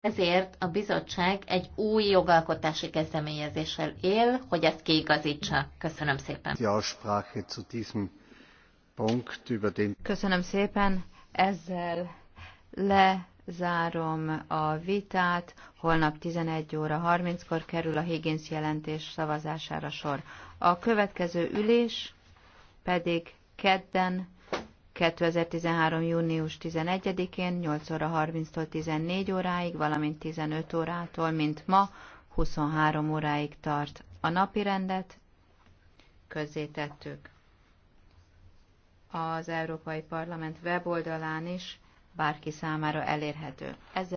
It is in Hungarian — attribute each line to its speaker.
Speaker 1: Ezért a bizottság egy új jogalkotási kezdeményezéssel él, hogy ezt
Speaker 2: kiigazítsa. Köszönöm szépen. Köszönöm szépen. Ezzel lezárom a vitát. Holnap 11 óra 30-kor kerül a Higgins jelentés szavazására sor. A következő ülés pedig kedden 2013. június 11-én 8 óra 30-tól 14 óráig, valamint 15 órától, mint ma, 23 óráig tart. A napi rendet közzétettük. Az Európai Parlament weboldalán is bárki számára elérhető. Ezzel